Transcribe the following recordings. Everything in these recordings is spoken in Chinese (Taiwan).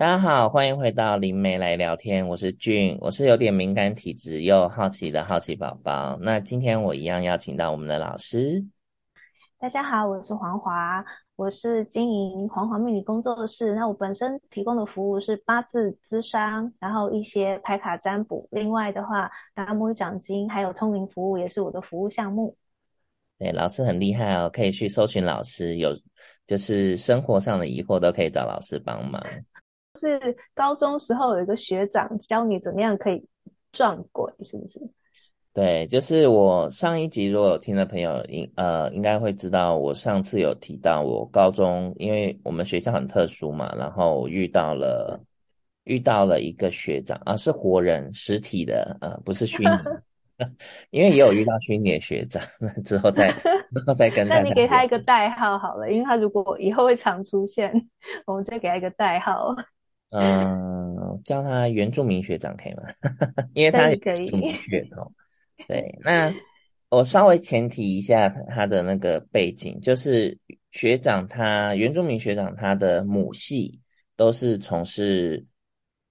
大家好，歡迎回到靈媒來聊天。我是 Gin，我是有點敏感體質又好奇的好奇寶寶。那今天我一樣邀請到我們的老師。大家好，我是黃華，我是經營黃華命理工作室。那我本身提供的服務是八字資商，然後一些牌卡占卜。另外的話，達摩一掌金，還有通靈服務也是我的服務項目。對，老師很厲害哦，可以去搜尋老師，有就是生活上的疑惑都可以找老師幫忙。是高中時候有一個學長教你怎麼樣可以撞鬼，是不是？對，就是我上一集如果有聽的朋友應呃應該會知道，我上次有提到我高中，因為我們學校很特殊嘛，然後遇到了遇到了一個學長，啊是活人實體的，呃不是虛擬， 因為也有遇到虛擬學長，那之後再之後再跟。 那你給他一個代號好了， 因為他如果以後會常出現，我們再給他一個代號。嗯、呃，叫他原住民學長可以嗎？ 因為他原住民血統。對，可以。對，那我稍微前提一下他的那個背景，就是學長他原住民學長他的母系都是從事，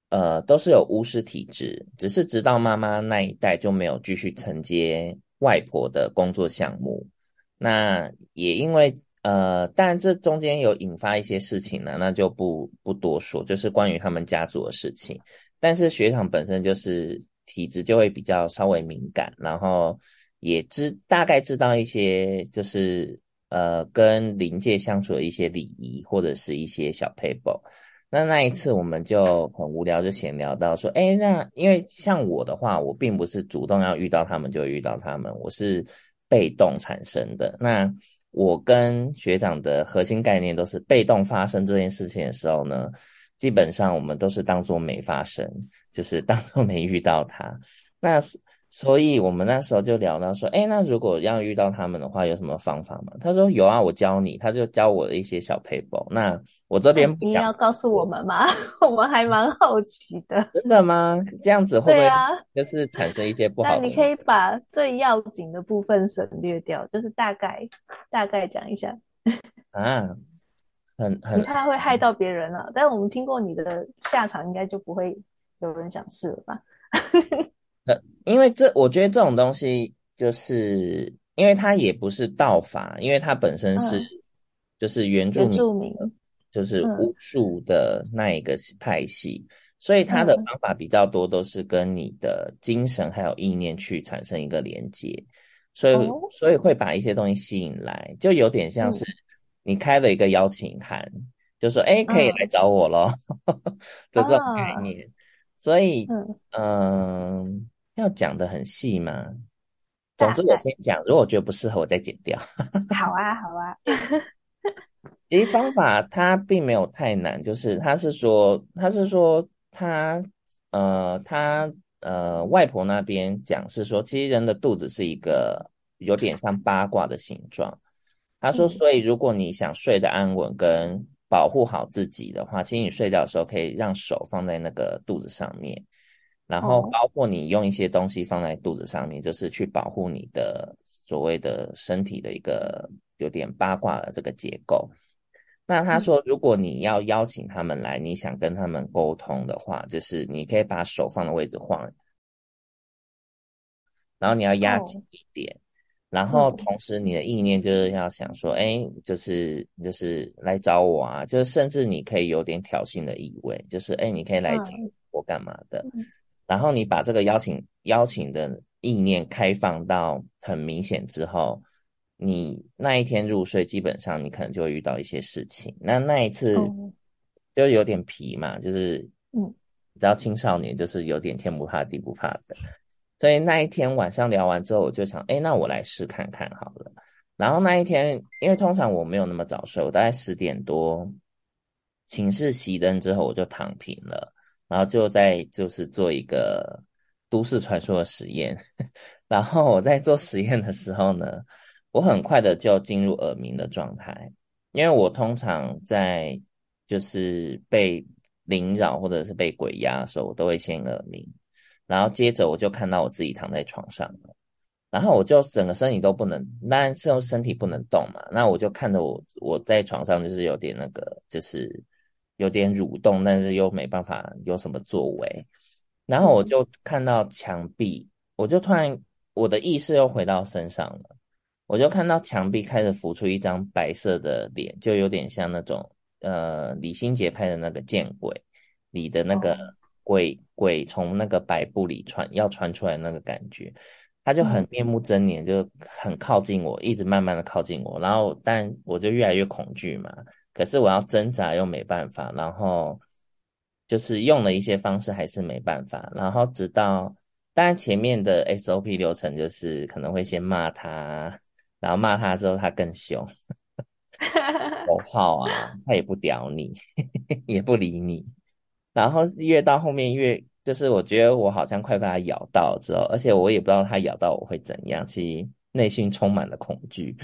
呃，都是有巫師體質，只是直到媽媽那一代就沒有繼續承接外婆的工作項目，那也因為。呃，但這中間有引發一些事情呢，那就不不多說，就是關於他們家族的事情。但是學長本身就是體質就會比較稍微敏感，然後也知，大概知道一些，就是呃跟靈界相處的一些禮儀或者是一些小撇步。那那一次我們就很無聊就閒聊到說，哎，那因為像我的話，我並不是主動要遇到他們就遇到他們，我是被動產生的那，我跟學長的核心概念都是被動發生這件事情的時候呢，基本上我們都是當作沒發生，就是當作沒遇到他。那。所以，我們那時候就聊到說，哎，那如果要遇到他們的話，有什麼方法嗎？他說有啊，我教你。他就教我的一些小配方，那我這邊不講。啊、你要告訴我們嗎？ 我們還蠻好奇的。真的嗎？這樣子會不會就是產生一些不好的。啊、那你可以把最要緊的部分省略掉，就是大概大概講一下。啊，很很。你怕他會害到別人了、啊嗯？但是我們聽過你的下場，應該就不會有人想試了吧？ 呃、因為這，我覺得這種東西就是，因為它也不是道法，因為它本身是、嗯、就是原住民、嗯，就是巫術的那一個派系、嗯，所以它的方法比較多，都是跟你的精神還有意念去產生一個連接，所以、哦、所以會把一些東西吸引來，就有點像是你開了一個邀請函，嗯、就說哎、欸、可以來找我嘍，哦、 就這種概念，啊、所以嗯。呃要講得很細嗎？總之我先講，如果我覺得不適合，我再剪掉。 好啊，好啊。哎 方法它並沒有太難，就是他是說，他是說他呃他呃外婆那邊講是說，其實人的肚子是一個有點像八卦的形狀。他說，所以如果你想睡得安穩跟保護好自己的話，嗯，其實你睡覺的時候可以讓手放在那個肚子上面。然後包括你用一些東西放在肚子上面，oh. 就是去保護你的所謂的身體的一個有點八卦的這個結構。那他說，如果你要邀請他們來，oh. 你想跟他們溝通的話，就是你可以把手放的位置晃，然後你要壓緊一點，oh. 然後同時你的意念就是要想說，oh. 哎，就是就是來找我啊，就是甚至你可以有點挑釁的意味，就是哎，你可以來找我幹嘛的？Oh. 然後你把這個邀請邀請的意念開放到很明顯之後，你那一天入睡，基本上你可能就會遇到一些事情。那那一次就有點皮嘛，就是嗯，你知道青少年就是有點天不怕地不怕的，所以那一天晚上聊完之後，我就想，哎、欸，那我來試看看好了。然後那一天，因為通常我沒有那麼早睡，我大概十點多寢室熄燈之後，我就躺平了。然後就在就是做一個都市傳說的實驗，然後我在做實驗的時候呢，我很快的就進入耳鳴的狀態，因為我通常在就是被靈擾或者是被鬼壓的時候，我都會先耳鳴，然後接着我就看到我自己躺在床上了，然後我就整個身體都不能，當然是身體不能動嘛，那我就看着我我在床上就是有點那個就是。有點蠕動，但是又沒辦法有什麼作為。然後我就看到牆壁，我就突然我的意識又回到身上了。我就看到牆壁開始浮出一張白色的臉，就有點像那種呃李心潔拍的那個《見鬼》裡的那個鬼、哦、鬼從那個白布裡穿要穿出來那個感覺。他就很面目猙獰、嗯，就很靠近我，一直慢慢的靠近我。然後但我就越來越恐懼嘛。可是我要掙扎又沒辦法，然後就是用了一些方式還是沒辦法，然後直到當然前面的 SOP 流程就是可能會先罵他，然後罵他之後他更凶，我、 哦、好啊，他也不屌你，也不理你，然後越到後面越就是我覺得我好像快被他咬到之後，而且我也不知道他咬到我會怎樣，其實內心充滿了恐懼。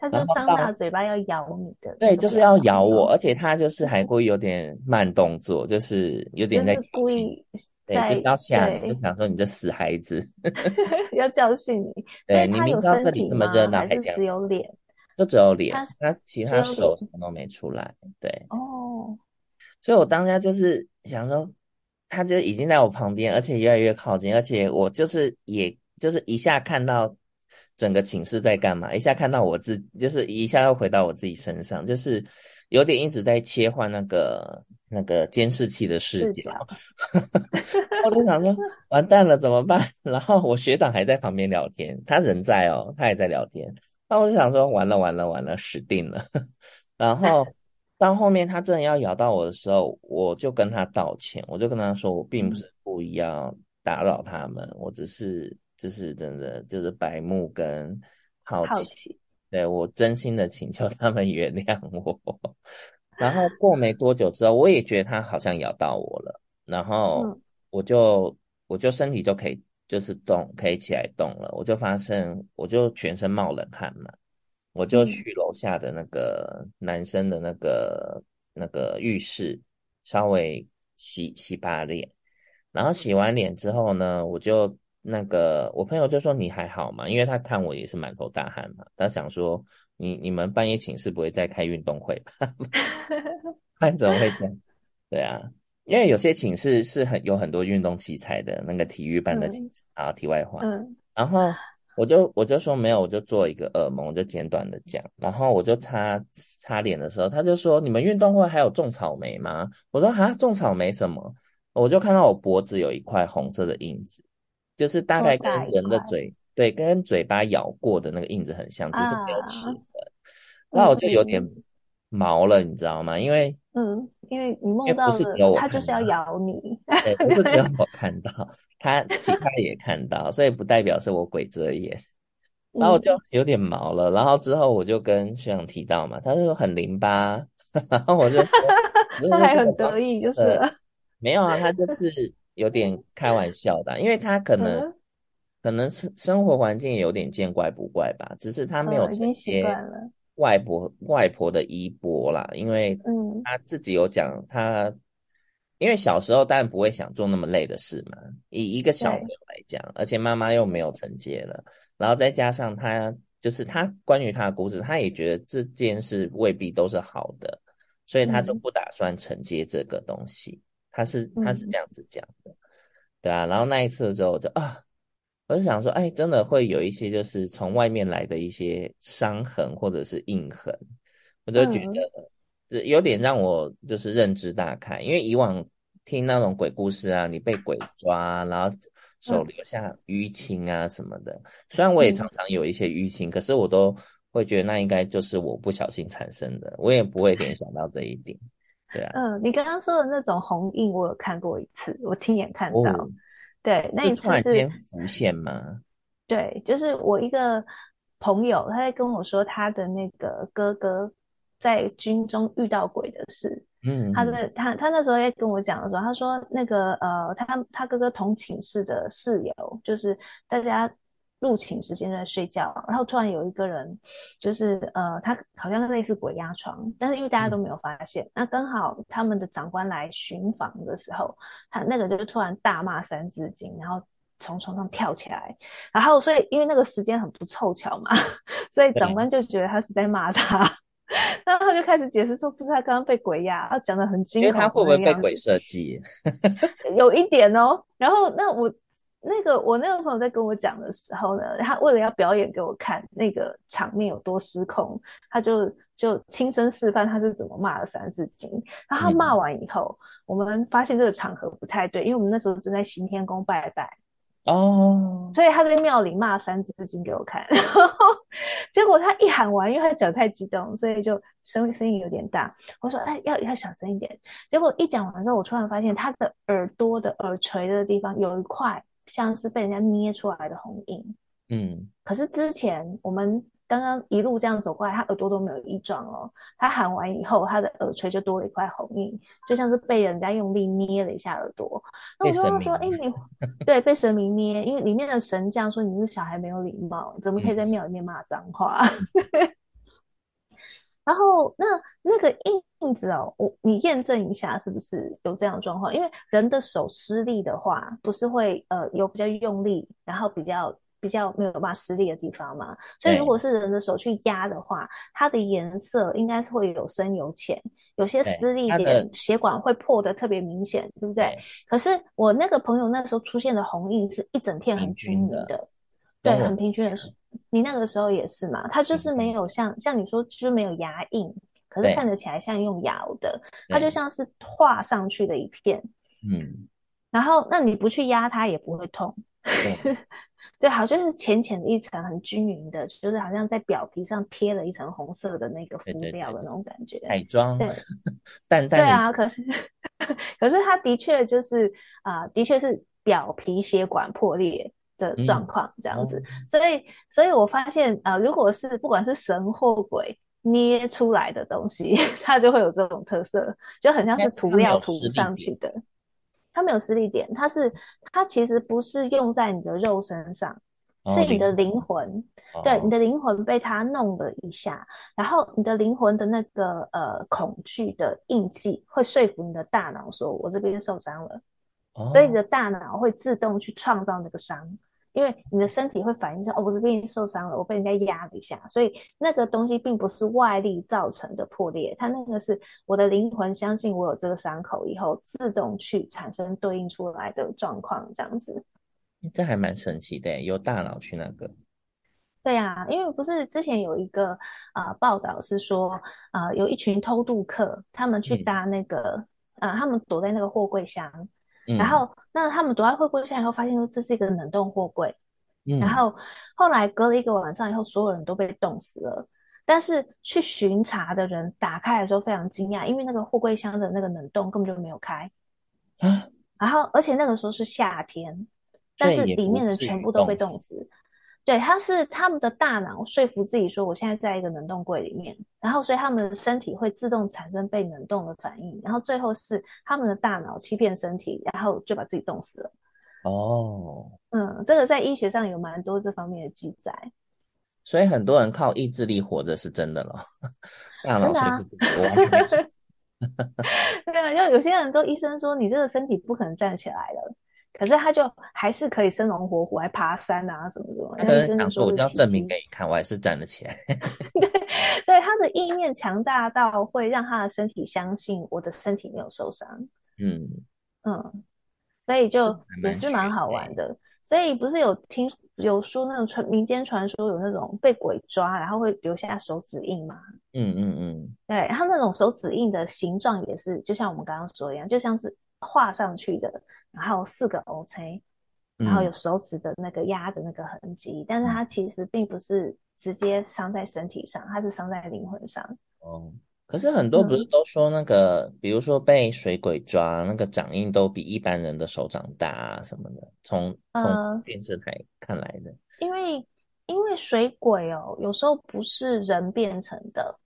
他就張大嘴巴要咬你的。對，就是要咬我，而且他就是還故意有點慢動作，嗯、就是有點在、就是、故意在對，就是要嚇你，就想說你這死孩子， 要教訓你。對，對你明知道這裡這麼熱鬧還，還講只有臉，就只有臉，他他其實他手什麼都沒出來。對哦，所以我當下就是想說，他就已經在我旁邊，而且越來越靠近，而且我就是也就是一下看到。整個寢室在幹嘛？一下看到我自己，就是一下又回到我自己身上，就是有點一直在切換那個那個監視器的視點。視角。 我就想說，完蛋了怎麼辦？然後我學長還在旁邊聊天，他人在哦，他也在聊天。那我就想說，完了完了完了，死定了。 然後到後面他真的要咬到我的時候，我就跟他道歉，我就跟他說，我並不是故意要打擾他們，我只是。就是真的，就是白目跟好奇，好奇。對，我真心的請求他們原諒我。 然後過沒多久之後，我也覺得他好像咬到我了，然後我就、嗯、我就身體就可以就是動，可以起來動了。我就發現我就全身冒冷汗嘛，我就去樓下的那個男生的那個、嗯、那個浴室稍微洗洗把臉，然後洗完臉之後呢，我就。那個，我朋友就說你還好嗎？因為他看我也是滿頭大汗嘛，他想說你你們半夜寢室不會再開運動會吧？ 他怎麼會這樣？對啊，因為有些寢室是很有很多運動器材的，那個體育班的、嗯、啊。題外話、嗯，然後我就我就說沒有，我就做一個噩夢，我就簡短的講。然後我就擦擦臉的時候，他就說你們運動會還有種草莓嗎？我說啊，種草莓什麼？我就看到我脖子有一塊紅色的印子。就是大概跟人的嘴，對，跟嘴巴咬過的那個印子很像，啊，只是沒有齒痕，然後我就有點毛了，嗯，你知道嗎？因為嗯，因為你夢到的不是只有我看到，他就是要咬你，對，不是只有我看到， 他其他也看到，所以不代表是我鬼遮眼、嗯。然後我就有點毛了。然後之後我就跟學長提到嘛，他就說很淋巴， 然後我就說 他還很得意，就是，啊就呃，沒有啊，他就是。有點開玩笑的、啊嗯，因為他可能、嗯、可能是生活環境有點見怪不怪吧，只是他沒有承接外婆、嗯、外婆的衣缽啦，因為他自己有講他，他、嗯、因為小時候當然不會想做那麼累的事嘛，以一個小朋友來講，而且媽媽又沒有承接了，然後再加上他就是他關於他的故事，他也覺得這件事未必都是好的，所以他就不打算承接這個東西。嗯他是他是這樣子講的、嗯，對啊，然後那一次的時候，我就啊，我就想說，哎，真的會有一些就是從外面來的一些傷痕或者是印痕，我就覺得這、嗯、有點讓我就是認知大開，因為以往聽那種鬼故事啊，你被鬼抓，然後手留下淤青啊什麼的、嗯，雖然我也常常有一些淤青，可是我都會覺得那應該就是我不小心產生的，我也不會聯想到這一點。嗯對啊，嗯，你剛剛說的那種紅印，我有看過一次，我親眼看到。哦、對，那一次是一浮現嗎？對，就是我一個朋友，他在跟我說他的那個哥哥在軍中遇到鬼的事。嗯，他在他他那時候在跟我講的時候，他說那個呃，他他哥哥同寢室的室友，就是大家。入寢時間在睡覺，然後突然有一個人，就是呃，他好像類似鬼壓床，但是因為大家都沒有發現，嗯、那剛好他們的長官來巡房的時候，他那個就突然大罵三字經，然後從床上跳起來，然後所以因為那個時間很不湊巧嘛， 所以長官就覺得他是在罵他， 然後他就開始解釋說，不是他剛剛被鬼壓，他講的很驚恐，因為他會不會被鬼設計？ 有一點哦，然後那我。那個我那個朋友在跟我講的時候呢，他為了要表演給我看那個場面有多失控，他就就親身示範他是怎麼罵的《三字經》。然後他罵完以後、嗯，我們發現這個場合不太對，因為我們那時候正在行天宮拜拜哦，所以他在廟裡罵《三字經》給我看。然後結果他一喊完，因為他講太激動，所以就聲聲音有點大。我說：“哎，要要小聲一點。”結果一講完之後，我突然發現他的耳朵的耳垂的地方有一塊。像是被人家捏出來的紅印，嗯，可是之前我們剛剛一路這樣走過來，他耳朵都沒有異狀哦。他喊完以後，他的耳垂就多了一塊紅印，就像是被人家用力捏了一下耳朵。那我就說說，哎、欸，你 對，被神明捏，因為裡面的神這樣說，你是小孩沒有禮貌，怎麼可以在廟裡面罵髒話？嗯 然後那那個印子哦，我你驗證一下是不是有這樣的狀況？因為人的手施力的話，不是會呃有比較用力，然後比較比較沒有辦法施力的地方嘛？所以如果是人的手去壓的話，它的顏色應該是會有深有淺，有些施力點血管會破的特別明顯，對不對？可是我那個朋友那時候出現的紅印是一整片很均勻的。對，很平均的，你那個時候也是嘛？它就是沒有像、嗯、像你說，就沒有牙印，可是看得起來像用咬的，它就像是畫上去的一片，嗯。然後，那你不去壓它也不會痛，對，好 像、就是淺淺的一層，很均勻的，就是好像在表皮上貼了一層紅色的那個敷料的那種感覺，彩妝，對，淡淡的。對啊，可是可是它的確就是啊、呃，的確是表皮血管破裂。的狀況這樣子，嗯哦、所以所以我發現啊、呃，如果是不管是神或鬼捏出來的東西， 它就會有這種特色，就很像是塗料塗上去的。它沒有實力點，點，它是它其實不是用在你的肉身上，哦、是你的靈魂，哦、對你的靈魂被它弄了一下，然後你的靈魂的那個呃恐懼的印記會說服你的大腦說，我這邊受傷了、哦，所以你的大腦會自動去創造那個傷。因為你的身體會反應說，哦，我是，被你受傷了，我被人家壓了一下，所以那個東西並不是外力造成的破裂，它那個是我的靈魂相信我有這個傷口以後，自動去產生對應出來的狀況，這樣子。這還蠻神奇的，有大腦去那個。對啊，因為不是之前有一個啊、呃、報道是說，啊、呃、有一群偷渡客，他們去搭那個，啊、嗯呃、他們躲在那個貨櫃箱。嗯、然後，那他們躲在貨櫃下以後，發現說這是一個冷凍貨櫃、嗯。然後後來隔了一個晚上以後，所有人都被凍死了。但是去巡查的人打開的時候非常驚訝，因為那個貨櫃箱的那個冷凍根本就沒有開、啊、然後，而且那個時候是夏天，但是裡面人全部都被凍死。對，他是他們的大腦說服自己說，我現在在一個冷凍櫃裡面，然後所以他們的身體會自動產生被冷凍的反應，然後最後是他們的大腦欺騙身體，然後就把自己凍死了。哦、oh.，嗯，這個在醫學上有蠻多這方面的記載，所以很多人靠意志力活着是真的咯。大腦是啊， 對啊，就有些人都醫生說你這個身體不可能站起來的。可是他就還是可以生龍活虎，還爬山啊什麼什麼。他想說，我就要證明給你看，我還是站得起來。 對對，他的意念強大到會讓他的身體相信我的身體沒有受傷。嗯嗯，所以就也是蠻好玩的，的。所以不是有聽有說那種傳民間傳說有那種被鬼抓然後會留下手指印嗎？嗯嗯嗯，對，他那種手指印的形狀也是就像我們剛剛說一樣，就像是畫上去的。然後四個 OK，然後有手指的那個壓的那個痕跡、嗯，但是它其實並不是直接傷在身體上，它是傷在靈魂上。哦，可是很多不是都說那個，嗯、比如說被水鬼抓，那個掌印都比一般人的手掌大啊什麼的，從、嗯、從電視台看來的，因為因為水鬼哦，有時候不是人變成的。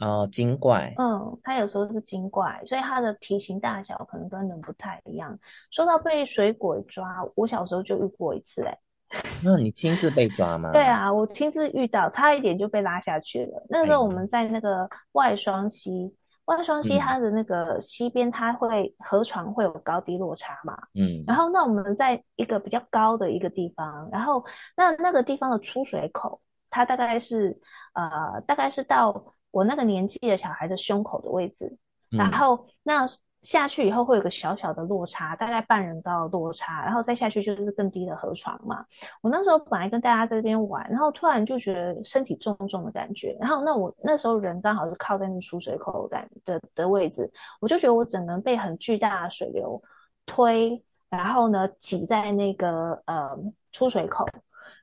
哦，精怪，嗯，它有時候是精怪，所以它的體型大小可能跟人不太一樣。說到被水鬼抓，我小時候就遇過一次、欸，哎，那你親自被抓嗎？ 對啊，我親自遇到，差一點就被拉下去了。那個、時候我們在那個外雙溪，哎、外雙溪它的那個溪邊，它會、嗯、河床會有高低落差嘛，嗯，然後那我們在一個比較高的一個地方，然後那那個地方的出水口，它大概是呃，大概是到。我那個年紀的小孩子胸口的位置，嗯、然後那下去以後會有個小小的落差，大概半人高的落差，然後再下去就是更低的河床嘛。我那時候本來跟大家在這邊玩，然後突然就覺得身體重重的感覺，然後那我那時候人剛好是靠在那出水口的的位置，我就覺得我只能被很巨大的水流推，然後呢擠在那個呃出水口。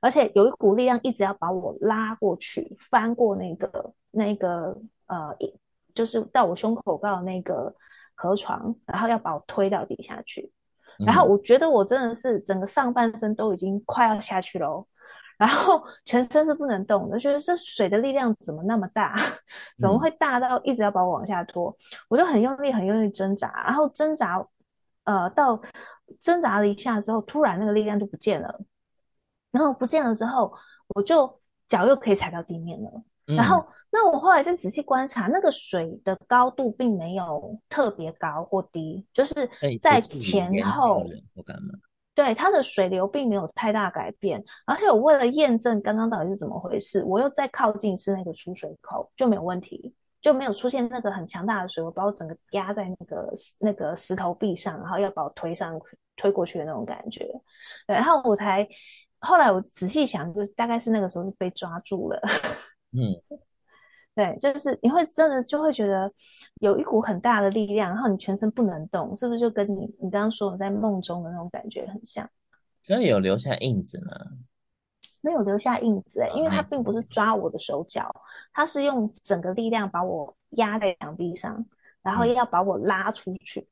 而且有一股力量一直要把我拉過去，翻過那個、那個呃，一就是到我胸口到那個河床，然後要把我推到底下去。然後我覺得我真的是整個上半身都已經快要下去咯，然後全身是不能動的，覺得這水的力量怎麼那麼大，怎麼會大到一直要把我往下拖？我就很用力、很用力掙扎，然後掙扎，呃，到掙扎了一下之後，突然那個力量就不見了。然後不見了之後，我就腳又可以踩到地面了，嗯。然後，那我後來再仔細觀察，那個水的高度並沒有特別高或低，就是在前後，對，它的水流並沒有太大改變。而且，我為了驗證剛剛到底是怎麼回事，我又再靠近是那個出水口，就沒有問題，就沒有出現那個很強大的水，我把我整個壓在那個那個石頭壁上，然後要把我推上，推過去的那種感覺。對，然後我才。後來我仔細想，就大概是那個時候是被抓住了。 嗯，對，就是你會真的就會覺得有一股很大的力量，然後你全身不能動，是不是就跟你你剛剛說的在夢中的那種感覺很像？可以有留下印子嗎？沒有留下印子。欸，因為他並不是抓我的手腳，他、嗯、是用整個力量把我壓在牆壁上，然後要把我拉出去。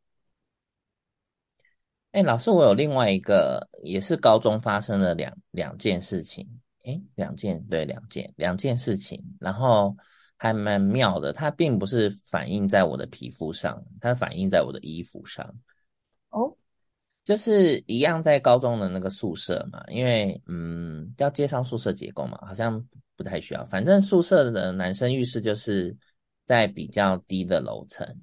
欸，老師，我有另外一個，也是高中發生的兩兩件事情。欸，兩件，對，兩件，兩件事情，然後還蠻妙的。它並不是反映在我的皮膚上，它反映在我的衣服上。哦，就是一樣在高中的那個宿舍嘛，因為嗯，要介紹宿舍結構嘛，好像不太需要。反正宿舍的男生浴室就是在比較低的樓層，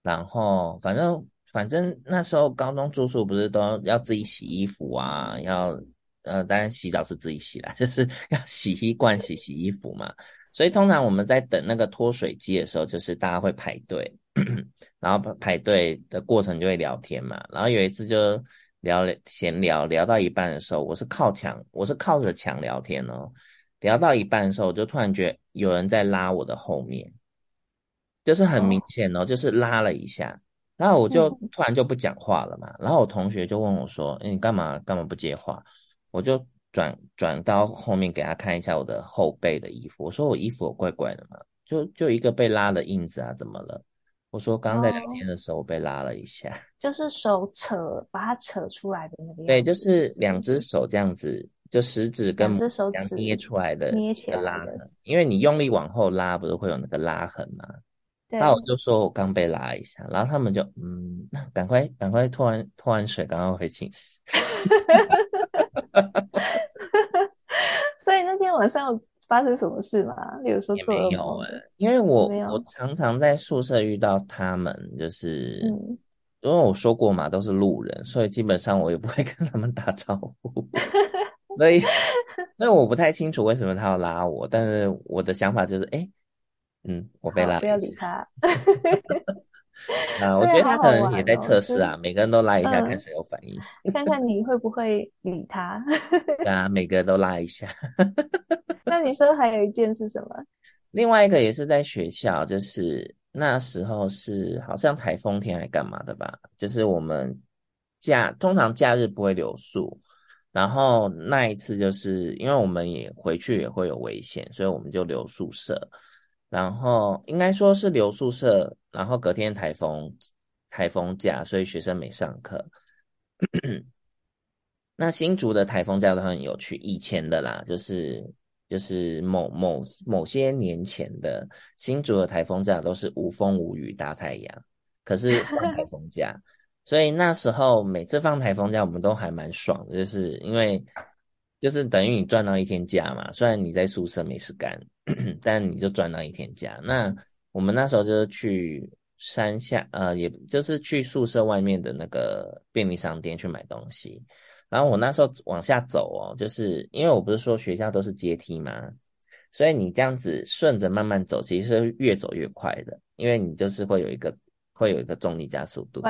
然後反正。反正那時候高中住宿不是都要自己洗衣服啊，要呃，當然洗澡是自己洗啦，就是要洗衣罐，洗洗衣服嘛。所以通常我們在等那個脫水機的時候，就是大家會排隊，咳咳，然後排排隊的過程就會聊天嘛。然後有一次就聊閒聊，聊到一半的時候，我是靠牆，我是靠着牆聊天哦。聊到一半的時候，我就突然覺得有人在拉我的後面，就是很明顯哦，哦就是拉了一下。然後我就突然就不講話了嘛、嗯，然後我同學就問我說：“你幹嘛幹嘛不接話？”我就轉轉到後面給他看一下我的後背的衣服，我說：“我衣服有怪怪的嘛？就就一個被拉的印子啊，怎麼了？”我說：“剛在聊天的時候我被拉了一下，哦、就是手扯把它扯出來的那邊，對，就是兩隻手這樣子，就食指跟兩隻手指捏出來的，捏起來的的拉痕，因為你用力往後拉，不是會有那個拉痕嗎？”那我就說，我剛被拉一下，然後他們就嗯，趕快趕快拖完拖完水，剛剛回寢室。 所以那天晚上發生什麼事嗎？例如說做噩夢？因為我我常常在宿舍遇到他們，就是因為、嗯、我說過嘛，都是路人，所以基本上我也不會跟他們打招呼。 所以那我不太清楚為什麼他要拉我，但是我的想法就是，哎、欸。嗯，我被拉，不要理他。 啊，啊，我覺得他可能也在測試啊。哦、每個人都拉一下，看誰有反應， 看看你會不會理他。大家 啊，每個人都拉一下。 那你說還有一件是什麼？另外一個也是在學校，就是那時候是好像台風天還幹嘛的吧？就是我們假通常假日不會留宿，然後那一次就是因為我們也回去也會有危險，所以我們就留宿舍。然後應該說是留宿舍，然後隔天颱風，颱風假，所以學生沒上課。 那新竹的颱風假都很有趣，以前的啦，就是就是某某某些年前的新竹的颱風假都是無風無雨大太陽，可是放颱風假，所以那時候每次放颱風假我們都還蠻爽的，就是因為就是等於你賺到一天假嘛，雖然你在宿舍沒事幹。 但你就賺那一天假。那我們那時候就是去山下，呃，也就是去宿舍外面的那個便利商店去買東西。然後我那時候往下走哦，就是因為我不是說學校都是階梯嘛，所以你這樣子順着慢慢走，其實是越走越快的，因為你就是會有一個會有一個重力加速度，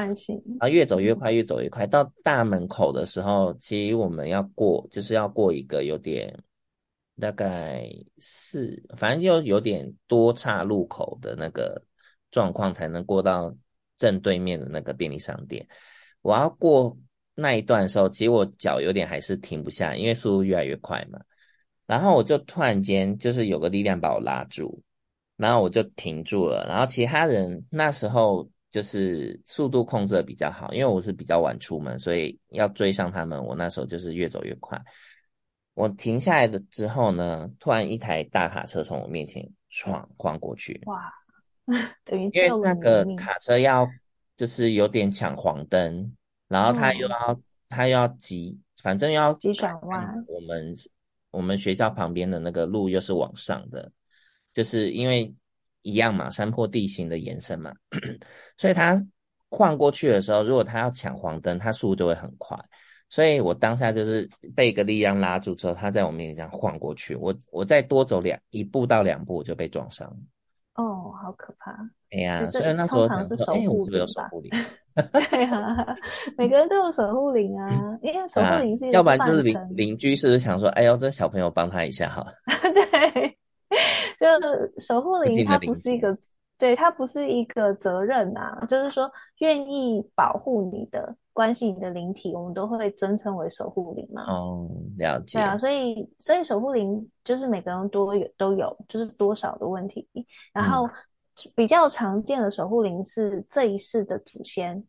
啊，越走越快，越走越快。到大門口的時候，其實我們要過，就是要過一個有點。大概是，反正就有點多岔路口的那個狀況，才能過到正對面的那個便利商店。我要過那一段的時候，其實我腳有點還是停不下，因為速度越來越快嘛。然後我就突然間就是有個力量把我拉住，然後我就停住了。然後其他人那時候就是速度控制的比較好，因為我是比較晚出門，所以要追上他們，我那時候就是越走越快。我停下來的之後呢，突然一台大卡車從我面前闖，晃過去。哇，等於因為那個卡車要就是有點搶黃燈，然後他又要他、嗯、又要急，反正要急轉彎。我們、嗯、我們學校旁邊的那個路又是往上的，就是因為一樣嘛，山坡地形的延伸嘛， 所以他晃過去的時候，如果他要搶黃燈，他速度就會很快。所以我當下就是被一個力量拉住，之後他在我面前晃過去，我我再多走兩一步到兩步，我就被撞傷了。哦，好可怕！哎呀，所以那時候是守護說哎，我是不是有守護靈？ 對啊。每個人都有守護靈啊，嗯、因為守護靈是一個、啊、要不然就是鄰鄰居是不是想說，哎呦，這小朋友幫他一下哈？ 對，就是守護靈，它不是一個，對，它不是一個責任啊，就是說願意保護你的。關係你的靈體，我們都會尊稱為守護靈嘛。嗯、哦，了解。對啊，所以所以守護靈就是每個人多有都有都有，就是多少的問題。然後、嗯、比較常見的守護靈是這一世的祖先，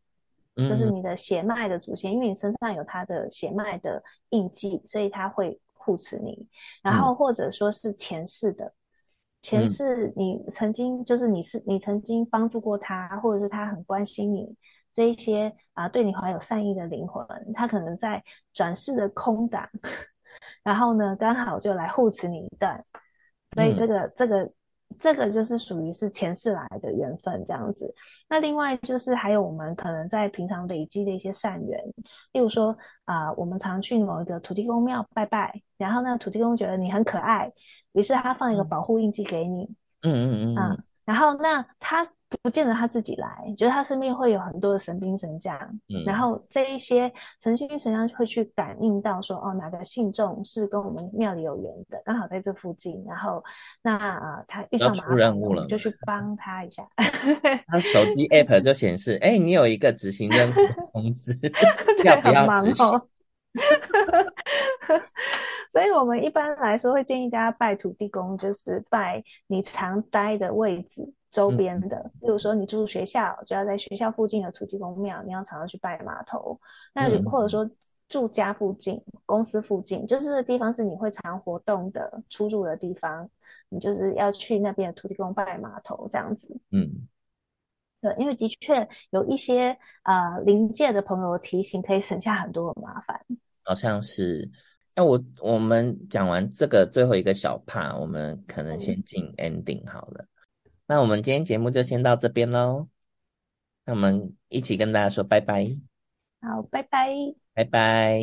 就是你的血脈的祖先，嗯，因為你身上有他的血脈的印記，所以他會護持你。然後或者說是前世的，嗯、前世你曾經就是你是你曾經幫助過他，或者是他很關心你。這些啊，對你懷有善意的靈魂，他可能在轉世的空檔，然後呢，剛好就來護持你一段。所以這個、嗯、這個、這個就是屬於是前世來的緣分這樣子。那另外就是還有我們可能在平常累積的一些善緣，例如說啊、呃，我們常去某一個土地公廟拜拜，然後呢，土地公覺得你很可愛，於是他放一個保護印記給你。嗯嗯嗯，嗯，嗯。然後那他。不見得他自己來，覺得他身邊會有很多的神兵神將，嗯，然後這一些神兵神將就會去感應到說，哦，哪個信眾是跟我們廟裡有緣的，剛好在這附近，然後那啊、呃、他遇上麻煩，出了就去幫他一下。嗯、 他手機 app 就顯示，哎、欸，你有一個執行任務的通知， 要不要執行？很忙哦 所以我們一般來說會建議大家拜土地公，就是拜你常待的位置。周邊的，比如說你住學校，就要在學校附近的土地公廟，你要常常去拜碼頭。那或者說住家附近、嗯、公司附近，就是這地方是你會常活動的出入的地方，你就是要去那邊的土地公拜碼頭這樣子。嗯，對，因為的確有一些啊呃、靈界的朋友的提醒，可以省下很多的麻煩。好像是，那我我們講完這個最後一個小 part，我們可能先進 ending 好了。嗯那我們今天節目就先到這邊嘍，那我們一起跟大家說拜拜。好，拜拜，拜拜。